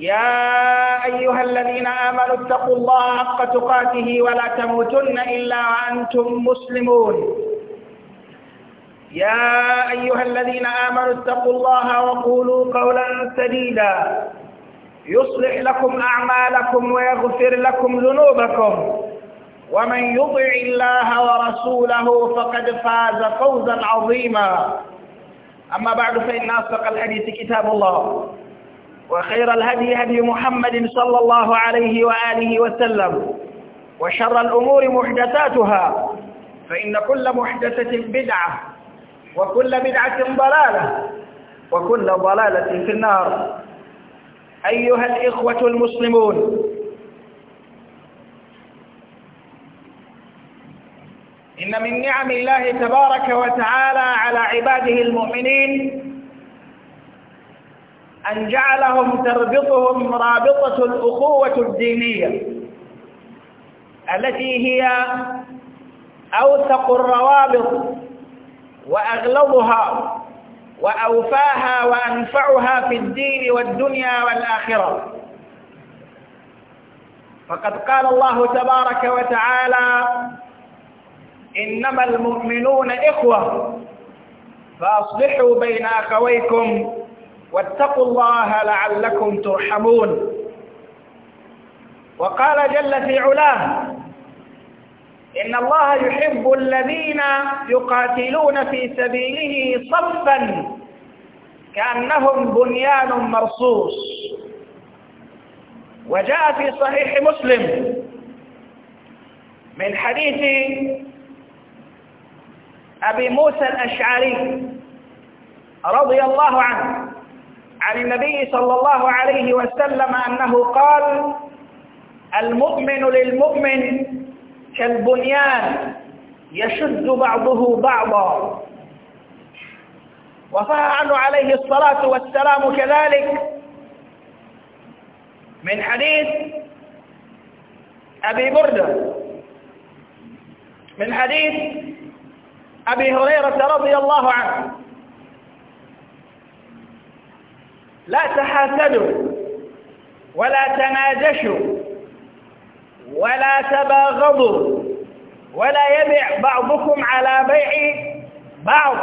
يا أيها الذين آمنوا اتقوا الله حق تقاته ولا تموتن إلا وأنتم مسلمون يا أيها الذين آمنوا اتقوا الله وقولوا قولا سديدا يصلح لكم أعمالكم ويغفر لكم ذنوبكم ومن يطع الله ورسوله فقد فاز فوزا عظيما أما بعد فإن أصدق الحديث كتاب الله وخير الهدي هدي محمد صلى الله عليه وآله وسلم وشر الأمور محدثاتها فإن كل محدثة بدعة وكل بدعة ضلالة وكل ضلالة في النار أيها الإخوة المسلمون إن من نعم الله تبارك وتعالى على عباده المؤمنين أن جعلهم تربطهم رابطة الأخوة الدينية التي هي أوثق الروابط وأغلظها وأوفاها وأنفعها في الدين والدنيا والآخرة فقد قال الله تبارك وتعالى إنما المؤمنون إخوة فأصلحوا بين أخويكم واتقوا الله لعلكم ترحمون وقال جل في علاه إن الله يحب الذين يقاتلون في سبيله صفا كأنهم بنيان مرصوص وجاء في صحيح مسلم من حديث أبي موسى الأشعري رضي الله عنه عن النبي صلى الله عليه وسلم أنه قال المؤمن للمؤمن كالبنيان يشد بعضه بعضا وفاء عنه عليه الصلاة والسلام كذلك من حديث أبي بردة من حديث أبي هريرة رضي الله عنه لا تحاسدوا ولا تناجشوا ولا تباغضوا ولا يبع بعضكم على بيع بعض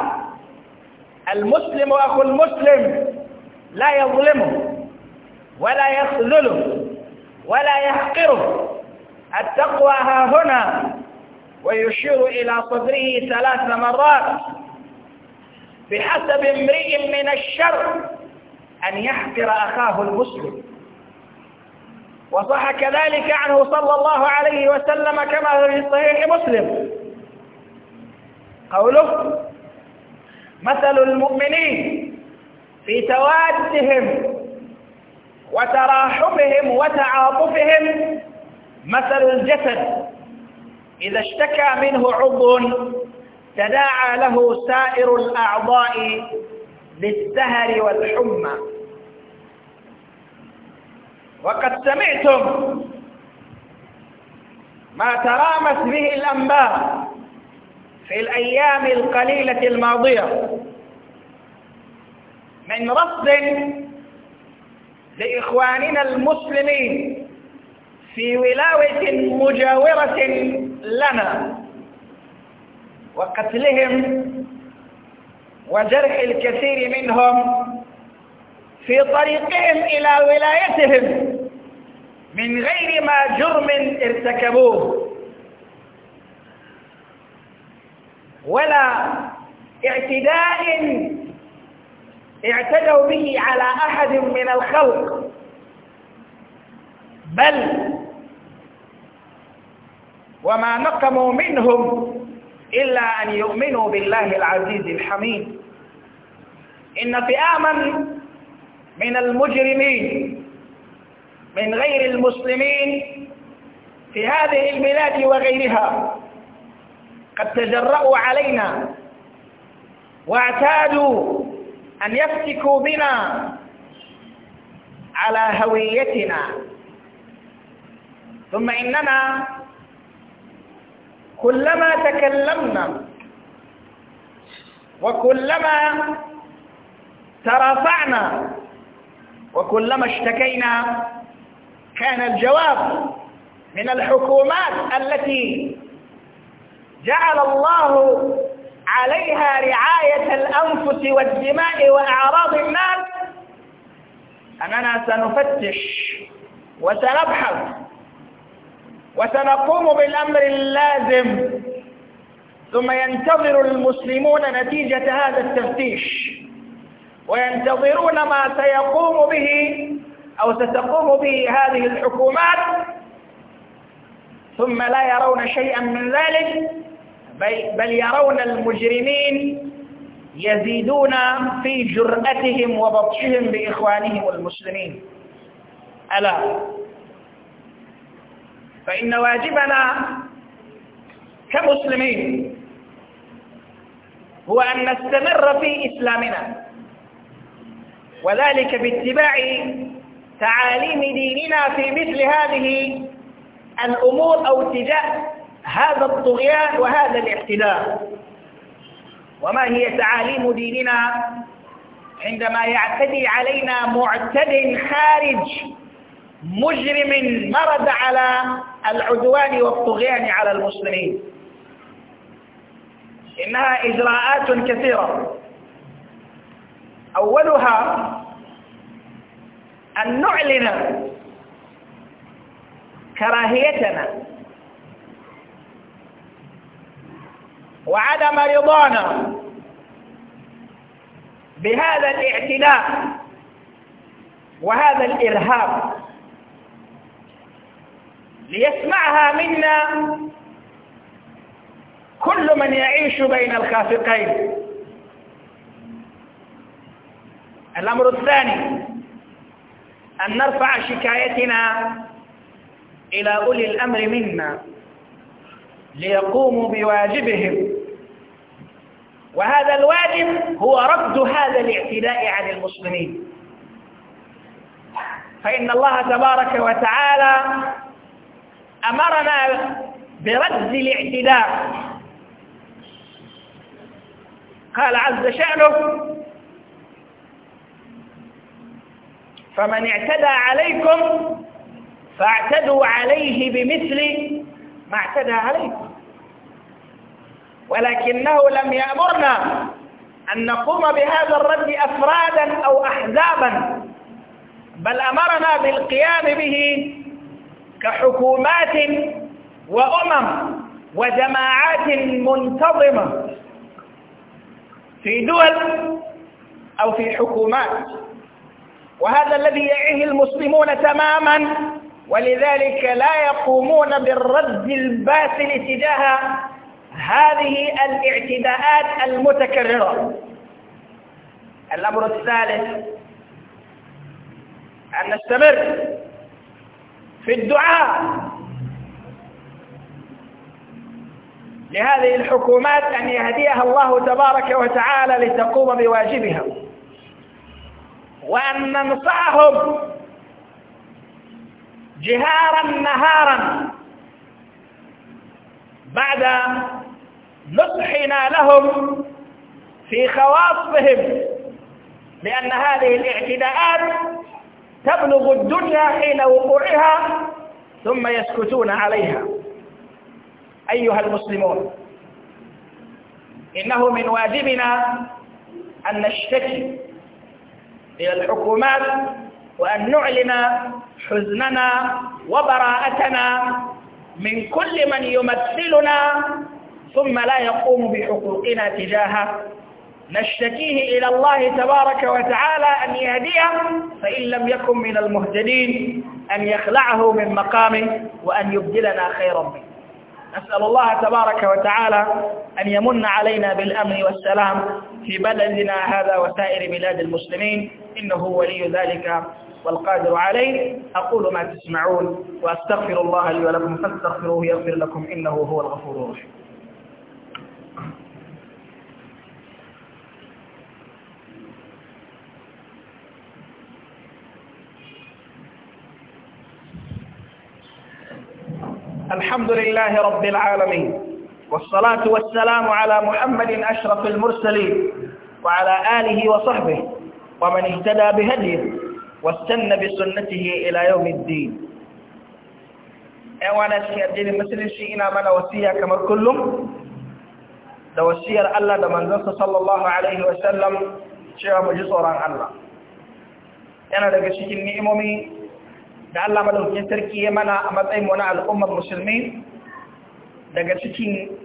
المسلم أخو المسلم لا يظلمه ولا يخذله ولا يحقره التقوى ها هنا ويشير إلى صدره ثلاث مرات بحسب امرئ من الشر أن يحقر أخاه المسلم وصح كذلك عنه صلى الله عليه وسلم كما في صحيح مسلم قوله مثل المؤمنين في توادهم وتراحمهم وتعاطفهم مثل الجسد إذا اشتكى منه عضو تداعى له سائر الأعضاء للسهر والحمى وقد سمعتم ما ترامت به الأنباء في الأيام القليلة الماضية من رفض لإخواننا المسلمين في ولاوة مجاورة لنا وقتلهم وجرح الكثير منهم في طريقهم إلى ولايتهم من غير ما جرم ارتكبوه ولا اعتداء اعتدوا به على أحد من الخلق بل وما نقموا منهم إلا أن يؤمنوا بالله العزيز الحميد إن فئاما من المجرمين من غير المسلمين في هذه البلاد وغيرها قد تجرأوا علينا واعتادوا أن يفتكوا بنا على هويتنا ثم إننا كلما تكلمنا وكلما ترافعنا وكلما اشتكينا كان الجواب من الحكومات التي جعل الله عليها رعاية الأنفس والدماء وأعراض الناس أننا سنفتش وسنبحث وسنقوم بالأمر اللازم ثم ينتظر المسلمون نتيجة هذا التفتيش وينتظرون ما سيقوم به أو ستقوم به هذه الحكومات ثم لا يرون شيئا من ذلك بل يرون المجرمين يزيدون في جرأتهم وبطشهم بإخوانهم المسلمين ألا فإن واجبنا كمسلمين هو أن نستمر في إسلامنا وذلك باتباع تعاليم ديننا في مثل هذه الأمور أو اتجاه هذا الطغيان وهذا الاعتداء وما هي تعاليم ديننا عندما يعتدي علينا معتد خارج مجرم مرد على العدوان والطغيان على المسلمين إنها إجراءات كثيرة أولها أن نعلن كراهيتنا وعدم رضانا بهذا الاعتداء وهذا الإرهاب ليسمعها منا كل من يعيش بين الخافقين الأمر الثاني أن نرفع شكايتنا إلى أولي الأمر منا ليقوموا بواجبهم وهذا الواجب هو رد هذا الاعتداء عن المسلمين فإن الله تبارك وتعالى أمرنا برد الاعتداء قال عز شأنه فمن اعتدى عليكم فاعتدوا عليه بمثل ما اعتدى عليكم ولكنه لم يأمرنا أن نقوم بهذا الرد أفرادا أو أحزابا بل أمرنا بالقيام به كحكومات وأمم وجماعات منتظمة في دول أو في حكومات وهذا الذي يعيه المسلمون تماما ولذلك لا يقومون بالرد الباسل تجاه هذه الاعتداءات المتكررة الأمر الثالث أن نستمر في الدعاء لهذه الحكومات أن يهديها الله تبارك وتعالى لتقوم بواجبها وأن ننصعهم جهارا نهارا بعد نصحنا لهم في خواصهم لأن هذه الاعتداءات تبلغ الدنيا حين وقوعها ثم يسكتون عليها أيها المسلمون إنه من واجبنا أن نشتكي إلى الحكومات وأن نعلن حزننا وبراءتنا من كل من يمثلنا ثم لا يقوم بحقوقنا تجاهه نشتكيه إلى الله تبارك وتعالى أن يهديه فإن لم يكن من المهتدين أن يخلعه من مقامه وأن يبدلنا خيرا منه نسأل الله تبارك وتعالى أن يمن علينا بالأمن والسلام في بلدنا هذا وسائر بلاد المسلمين إنه ولي ذلك والقادر عليه أقول ما تسمعون وأستغفر الله لي ولكم فاستغفروه يغفر لكم إنه هو الغفور الرحيم الحمد لله رب العالمين والصلاة والسلام على محمد أشرف المرسلين وعلى آله وصحبه ومن اهتدى بهديه واستنى بسنته إلى يوم الدين أيوة أنا شيء الدين مثل شيء إنا من وسيا كما كلهم da wasiyar Allah da manzansa sallallahu alaihi sallam, cewa mu ji tsoron Allah yana daga cikin ni'imomi da Allah madaukakin sarki ya mana a matsayin wani al'ummar musulmi daga cikin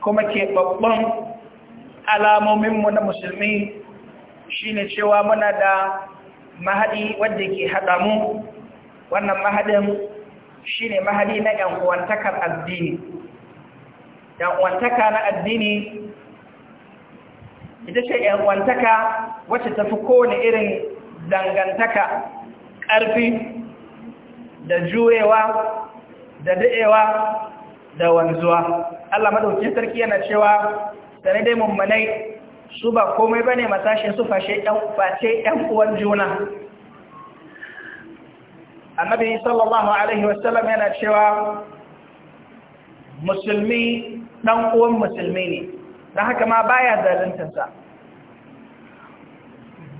kuma ke babban alamomin mu na musulmi Shi ne cewa muna da mahadi wadda ke haɗa mu wannan mahadin shi ne mahadi na yan addini yan na addini ita ce yan uwantaka ta tafi kowane irin dangantaka ƙarfi da jurewa da daɗewa da wanzuwa Allah maɗauki sarki yana cewa sane dai mummunai su ba komai ba bane matashin su fashe ɗan ɗan uwan juna annabi sallallahu alaihi wasallam yana cewa musulmi ɗan uwan musulmi ne don haka ma baya zaluntarsa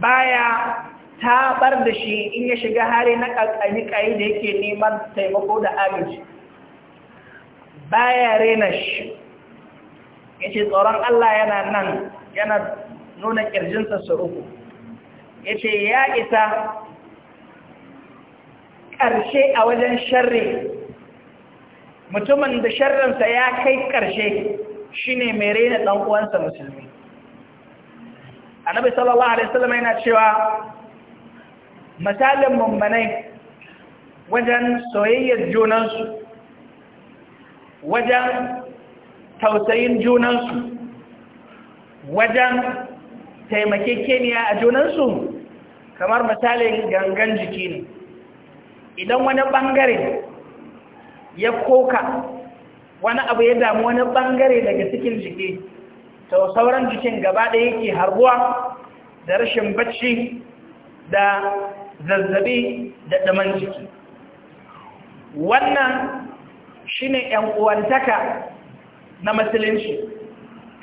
baya ta bar da shi in ya shiga hari na ƙaƙƙani ƙayi da yake neman taimako da agaji baya rena shi ya ce tsoron Allah yana nan yana nuna ƙirjinsa su uku ya ce ya isa ƙarshe a wajen sharri mutumin da sharrinsa ya kai ƙarshe shi ne mai raina ɗan'uwansa musulmi annabi sallallahu alaihi wasallam yana cewa misalin mummanai wajen soyayyar junansu wajen tausayin junansu wajen taimakekeniya a junansu kamar misalin gangan jiki ne idan wani ɓangare ya koka wani abu ya damu wani ɓangare daga cikin jiki to sauran jikin gaba ɗaya yake harbuwa da rashin bacci da zazzabi da ɗaman jiki wannan shine ‘yan uwantaka na musulunci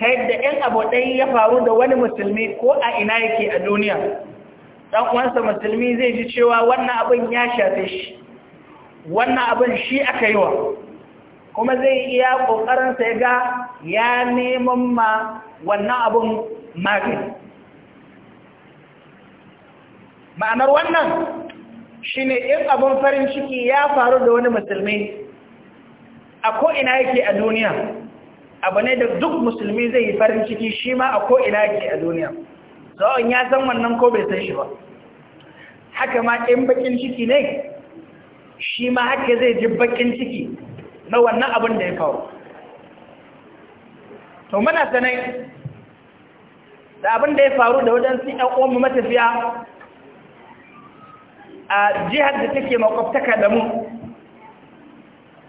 ta yadda ‘yan abu ɗai ya faru da wani musulmi ko a ina yake a duniya ɗan uwansa musulmi zai ji cewa wannan abin ya shafe shi wannan abin shi aka yi wa kuma zai iya ƙoƙarinsa ya ga ya neman ma wannan abin magin ma'anar wannan shi ne in abin farin ciki ya faru da wani musulmi a ko'ina yake a duniya abu ne da duk musulmi zai yi farin ciki shi ma a ko'ina ke a duniya tsawon ya san wannan ko bai san shi ba haka ma in bakin ciki ne shi ma haka zai ji bakin ciki na wannan abin da ya faru to muna sanai da abin da ya faru da waɗansu ɗan uwanmu matafiya a jihar da take makwabtaka da mu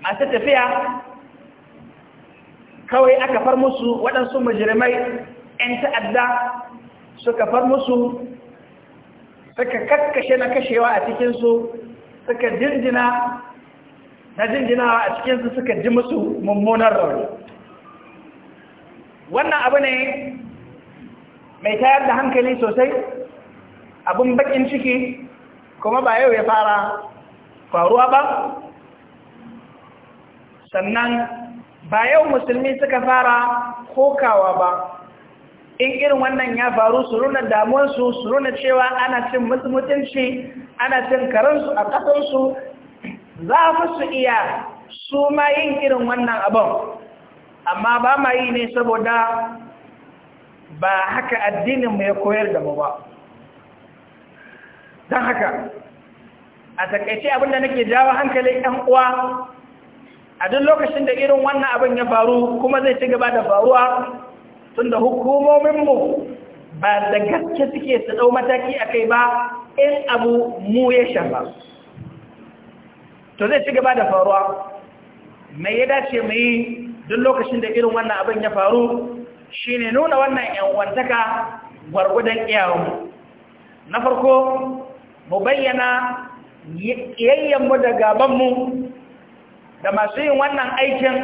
masu tafiya kawai aka far musu waɗansu majirmai 'yan ta'adda suka far musu suka kakkashe na kashewa a cikinsu suka jinjina na jinjinawa a cikinsu suka ji musu mummunan rauni wannan abu ne mai tayar da hankali sosai abin bakin ciki kuma ba yau ya fara faruwa ba sannan ba yau musulmi suka fara kokawa ba in irin wannan ya faru su nuna damuwarsu su nuna cewa ana cin mutunci ana cin karansu a ƙasansu za fi su iya su ma yin irin wannan abin amma ba ma yi ne saboda ba haka addininmu ya koyar da ba don haka a takaice abinda nake jawo hankali ɗan uwa a duk lokacin da irin wannan abin ya faru kuma zai ci gaba da faruwa tun da hukumominmu ba da gaske suke su ɗau mataki a kai ba in abu mu ya shafa to zai ci gaba da faruwa mai ya dace mu yi duk lokacin da irin wannan abin ya faru shi ne nuna wannan ‘yan'wantaka gwargwadon iyawanmu na farko mu bayyana yayyanmu da gabanmu da masu yin wannan aikin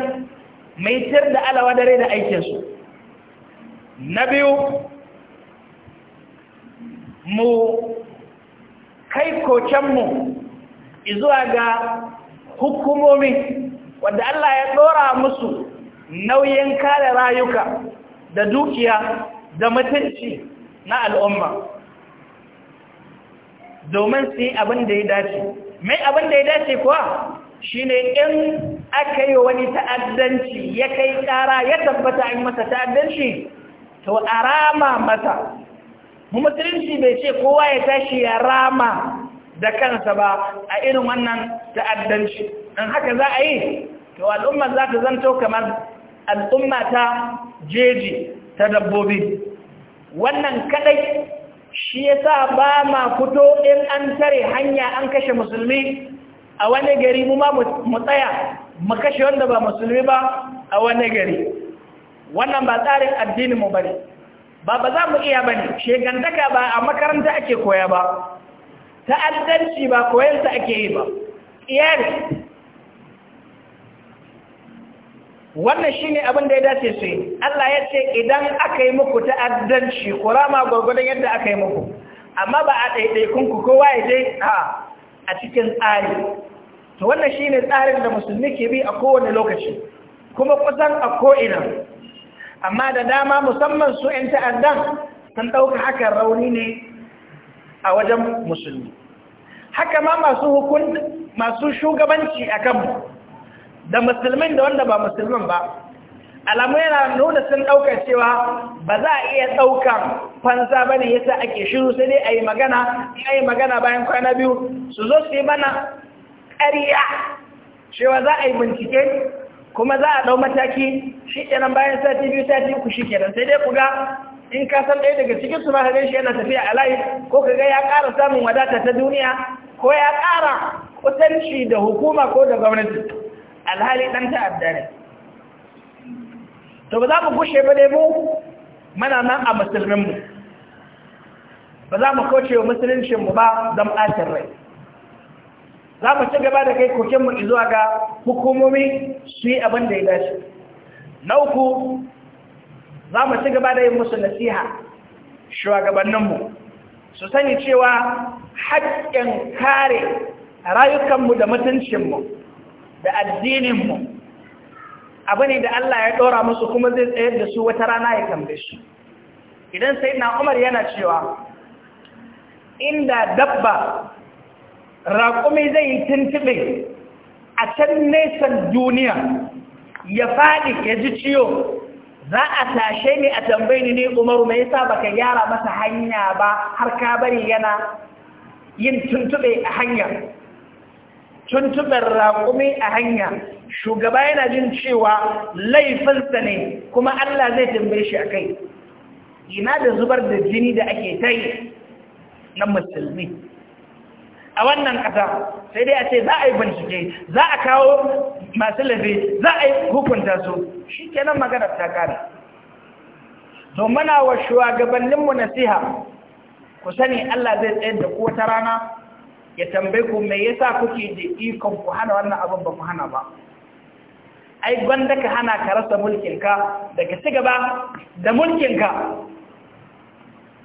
mai tir da alawa dare da aikinsu na biyu mu kai kokenmu izuwa ga hukumomi wadda Allah ya ɗora musu nauyin kare rayuka da dukiya da mutunci na al'umma domin su yi abin da ya dace mai abin da ya dace kuwa ne in aka yi wani ta'addanci ya kai ƙara ya tabbata an masa ta'addanci to a rama masa musulunci bai ce kowa ya tashi ya rama da kansa ba a irin wannan ta'addanci in haka za a yi to al'umma za ta zanto kamar al'umma ta jeji ta dabbobi wannan kadai shi ya sa ba ma fito in an tare hanya an kashe musulmi a wani gari mu ma mu tsaya mu kashe wanda ba musulmi ba a wani gari wannan ba tsarin addini mu bane ba ba za mu iya bane shegantaka ba a makaranta ake koya ba ta'addanci ba ta ake yi ba iyali wannan shine abin da ya dace su yi Allah ya ce idan aka yi muku ta'addanci kurama gwargwadon yadda aka yi muku amma ba a ku kowa ya je a cikin tsari to wannan shine tsarin da musulmi ke bi a kowane lokaci kuma kusan a ko'ina amma da dama musamman su 'yan ta'addan sun ɗauka hakan rauni ne a wajen musulmi haka ma masu shugabanci a kanmu da musulmin da wanda ba musulmin ba alamu yana nuna sun ɗauka cewa ba za a iya ɗauka fansa ba ne yasa ake shiru sai dai a yi magana in a yi magana bayan kwana biyu su zo su yi mana ƙarya cewa za a yi bincike kuma za a ɗau mataki shi ɗanan bayan sati biyu sati ku shi kenan sai dai ku ga in ka san ɗaya daga cikin su ma shi yana tafiya a layi ko ka ga ya ƙara samun wadata ta duniya ko ya ƙara kusanci da hukuma ko da gwamnati alhali ɗan ta'adda ne to ba za mu gushe ba dai mu mana nan a musulminmu ba za mu kauce wa musuluncinmu ba don ɓacin rai za mu ci gaba da kai mu zuwa ga hukumomi su yi abin da ya dace na uku za mu ci gaba da yin musu nasiha shugabanninmu su sani cewa haƙƙin kare rayukanmu da mutuncinmu da addininmu abu ne da Allah ya ɗora musu kuma zai tsayar da su wata rana ya tambaye su. idan sai na umar yana cewa inda dabba raƙumi zai yi tuntube a can nesan duniya ya faɗi ya ji ciyo za a tashe ni a tambayi ne umaru mai yasa baka gyara masa hanya ba har ka bari yana yin tuntube a hanya tuntuɓar raƙumi a hanya shugaba yana jin cewa laifinsa ne kuma Allah zai tambaye shi a kai ina da zubar da jini da ake ta yi na musulmi a wannan ƙasa sai dai a ce za a yi bincike za a kawo masu lafi za a yi hukunta su shi ke nan maganar ta ƙari to wa shugabanninmu nasiha ku sani Allah zai tsayar da ku wata rana ya tambaye ku me yasa kuke da ikon ku hana wannan abin ba ku hana ba ai gwanda ka hana ka rasa mulkinka daga ci gaba da mulkinka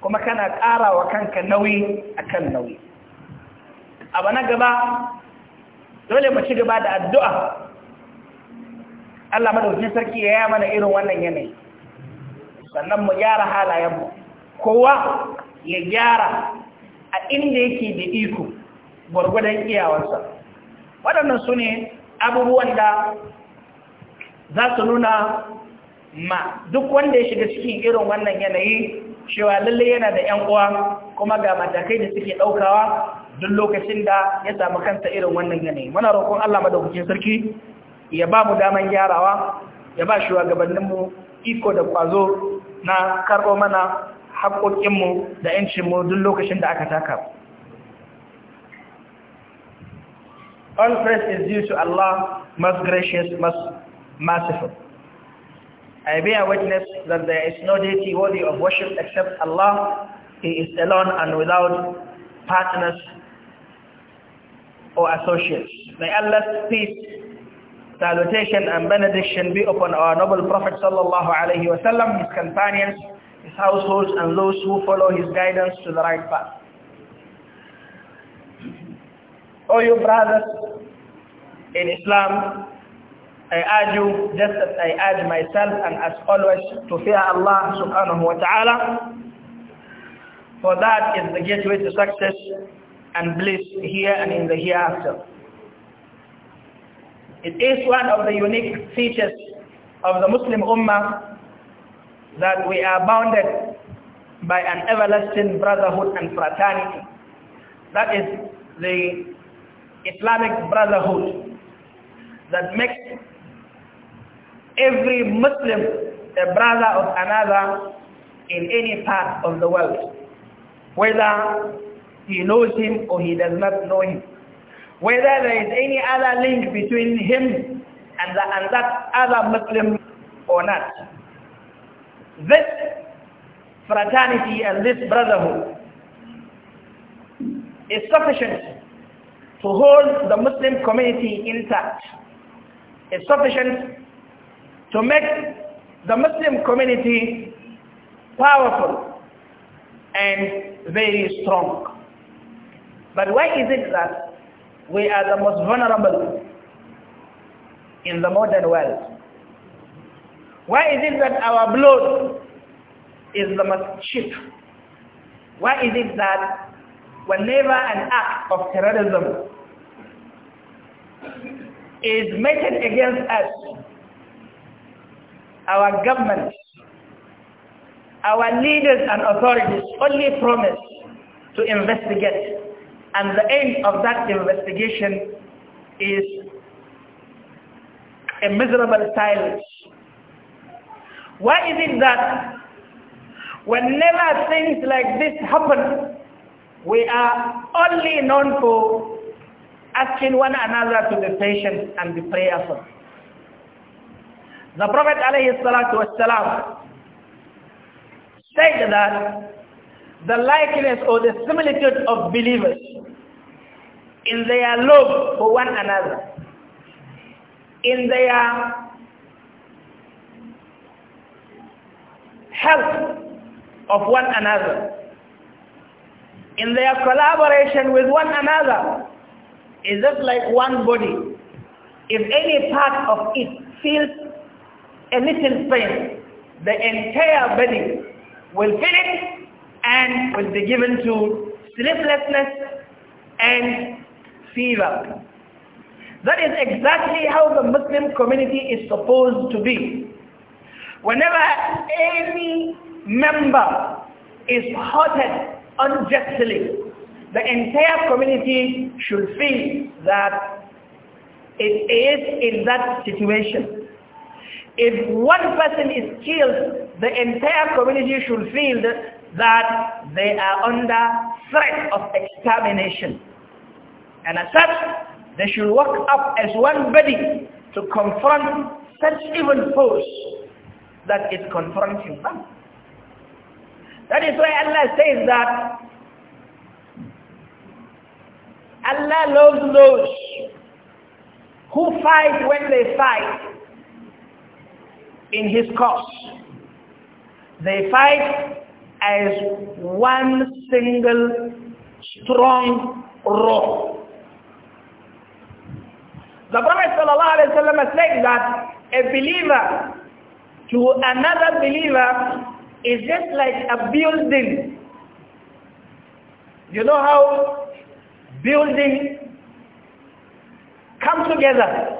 kuma kana ƙara wa kanka nauyi akan nauyi A bana gaba dole mu ci gaba da addu'a Allah madaukakin sarki ya yi mana irin wannan yanayi sannan mu gyara halayenmu kowa ya gyara a inda yake da iko gwargwadon iyawarsa waɗannan su ne abubuwan da za su nuna ma duk wanda ya shiga cikin irin wannan yanayi cewa lalle yana da ‘yan uwa kuma ga matakai da suke ɗaukawa duk lokacin da ya samu kansa irin wannan yanayi muna roƙon Allah madaukakin sarki ya ba mu daman gyarawa ya ba shi shugabanninmu iko da kwazo na karɓo mana haƙoƙinmu da ‘yancinmu duk lokacin da aka taka. All praise is due to Allah, most gracious, most merciful. I bear witness that there is no deity worthy of worship except Allah. He is alone and without partners or associates. May Allah's peace, salutation and benediction be upon our noble Prophet sallallahu alaihi wasallam, his companions, his households and those who follow his guidance to the right path. O you brothers in Islam, I urge you just as I urge myself and as always to fear Allah subhanahu wa ta'ala for that is the gateway to success and bliss here and in the hereafter. It is one of the unique features of the Muslim Ummah that we are bounded by an everlasting brotherhood and fraternity. That is the Islamic brotherhood that makes every Muslim a brother of another in any part of the world, whether he knows him or he does not know him. Whether there is any other link between him and, the, and that other Muslim or not. This fraternity and this brotherhood is sufficient to hold the Muslim community intact. It's sufficient to make the Muslim community powerful and very strong. But why is it that we are the most vulnerable in the modern world? Why is it that our blood is the most cheap? Why is it that whenever an act of terrorism is made against us, our government, our leaders and authorities only promise to investigate and the end of that investigation is a miserable silence. Why is it that whenever things like this happen, we are only known for asking one another to be patient and be prayerful. The Prophet ﷺ said that the likeness or the similitude of believers in their love for one another, in their help of one another, in their collaboration with one another, is just like one body. If any part of it feels a little pain, the entire body will feel it and will be given to sleeplessness and fever. That is exactly how the Muslim community is supposed to be. Whenever any member is hurted unjustly, the entire community should feel that it is in that situation. If one person is killed, the entire community should feel that they are under threat of extermination. And as such, they should work up as one body to confront such evil force that is confronting them. That is why Allah says that Allah loves those who fight when they fight in his cause. They fight as one single strong row. The Prophet ﷺ said that a believer to another believer is just like a building. You know how building come together,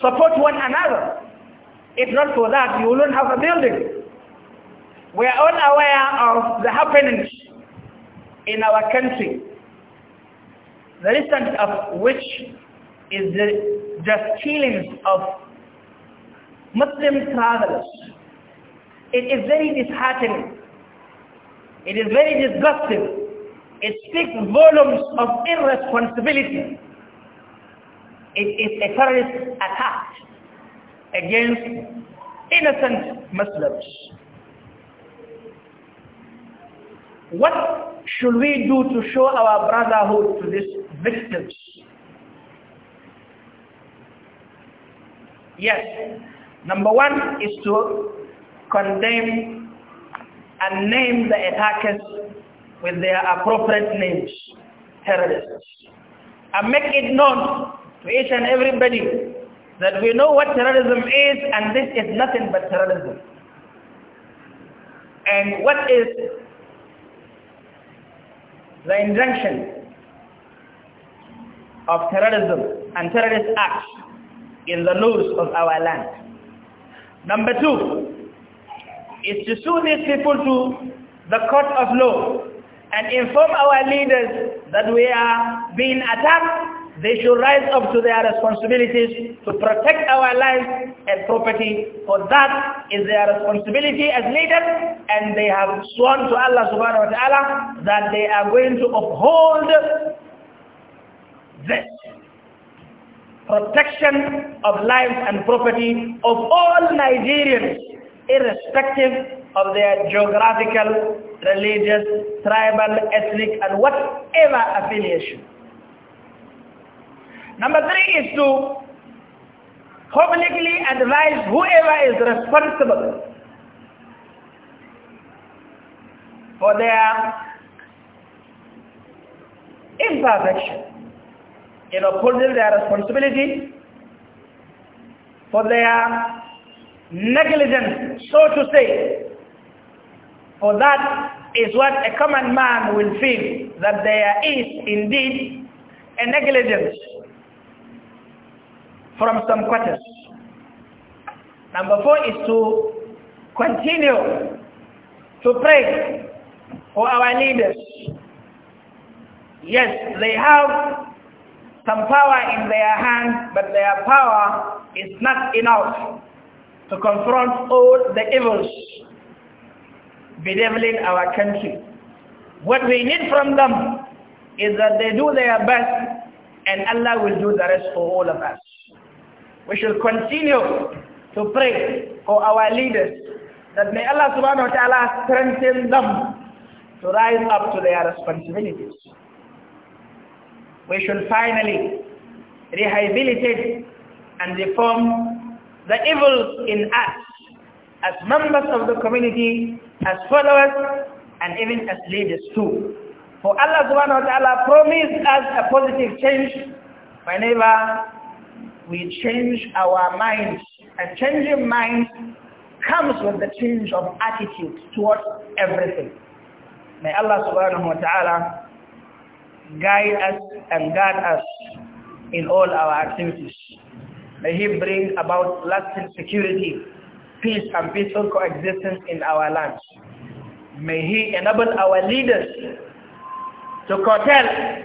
support one another. If not for that, you wouldn't have a building. We are all aware of the happenings in our country, the recent of which is the, just killings of Muslim travelers. It is very disheartening. It is very disgusting. It speaks volumes of irresponsibility. It is a terrorist attack against innocent Muslims. What should we do to show our brotherhood to these victims? Yes. Number one is to condemn and name the attackers with their appropriate names, terrorists. And make it known to each and everybody that we know what terrorism is and this is nothing but terrorism. And what is the injunction of terrorism and terrorist acts in the laws of our land. Number two is to sue these people to the court of law and inform our leaders that we are being attacked. They should rise up to their responsibilities to protect our lives and property. For that is their responsibility as leaders and they have sworn to Allah subhanahu wa ta'ala that they are going to uphold this protection of lives and property of all Nigerians, irrespective of their geographical, religious, tribal, ethnic, and whatever affiliation. Number three is to publicly advise whoever is responsible for their imperfection in upholding their responsibility for their negligence, so to say. For that is what a common man will feel, that there is indeed a negligence from some quarters. Number four is to continue to pray for our leaders. Yes, they have some power in their hands, but their power is not enough to confront all the evils bedeviling our country. What we need from them is that they do their best and Allah will do the rest for all of us. We should continue to pray for our leaders that may Allah subhanahu wa ta'ala strengthen them to rise up to their responsibilities we should finally rehabilitate and reform the evils in us as members of the community, as followers, and even as leaders too. For Allah subhanahu wa ta'ala promised us a positive change whenever we change our minds. And changing minds comes with the change of attitude towards everything. May Allah subhanahu wa ta'ala guide us and guard us in all our activities. May He bring about lasting security, peace and peaceful coexistence in our lands. May He enable our leaders to curtail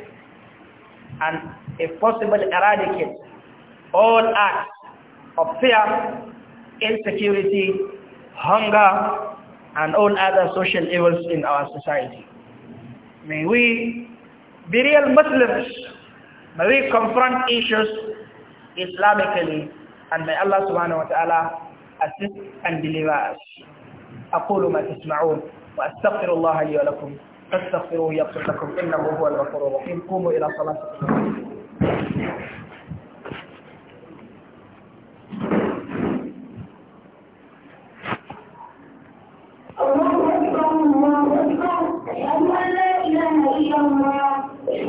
and if possible eradicate all acts of fear, insecurity, hunger and all other social evils in our society. May we the real Muslims may we confront issues Islamically and may Allah subhanahu wa ta'ala assist and deliver us. أقول ما تسمعون وأستغفر الله لي ولكم فاستغفروه يغفر لكم إنه هو الغفور الرحيم قوموا إلى صلاتكم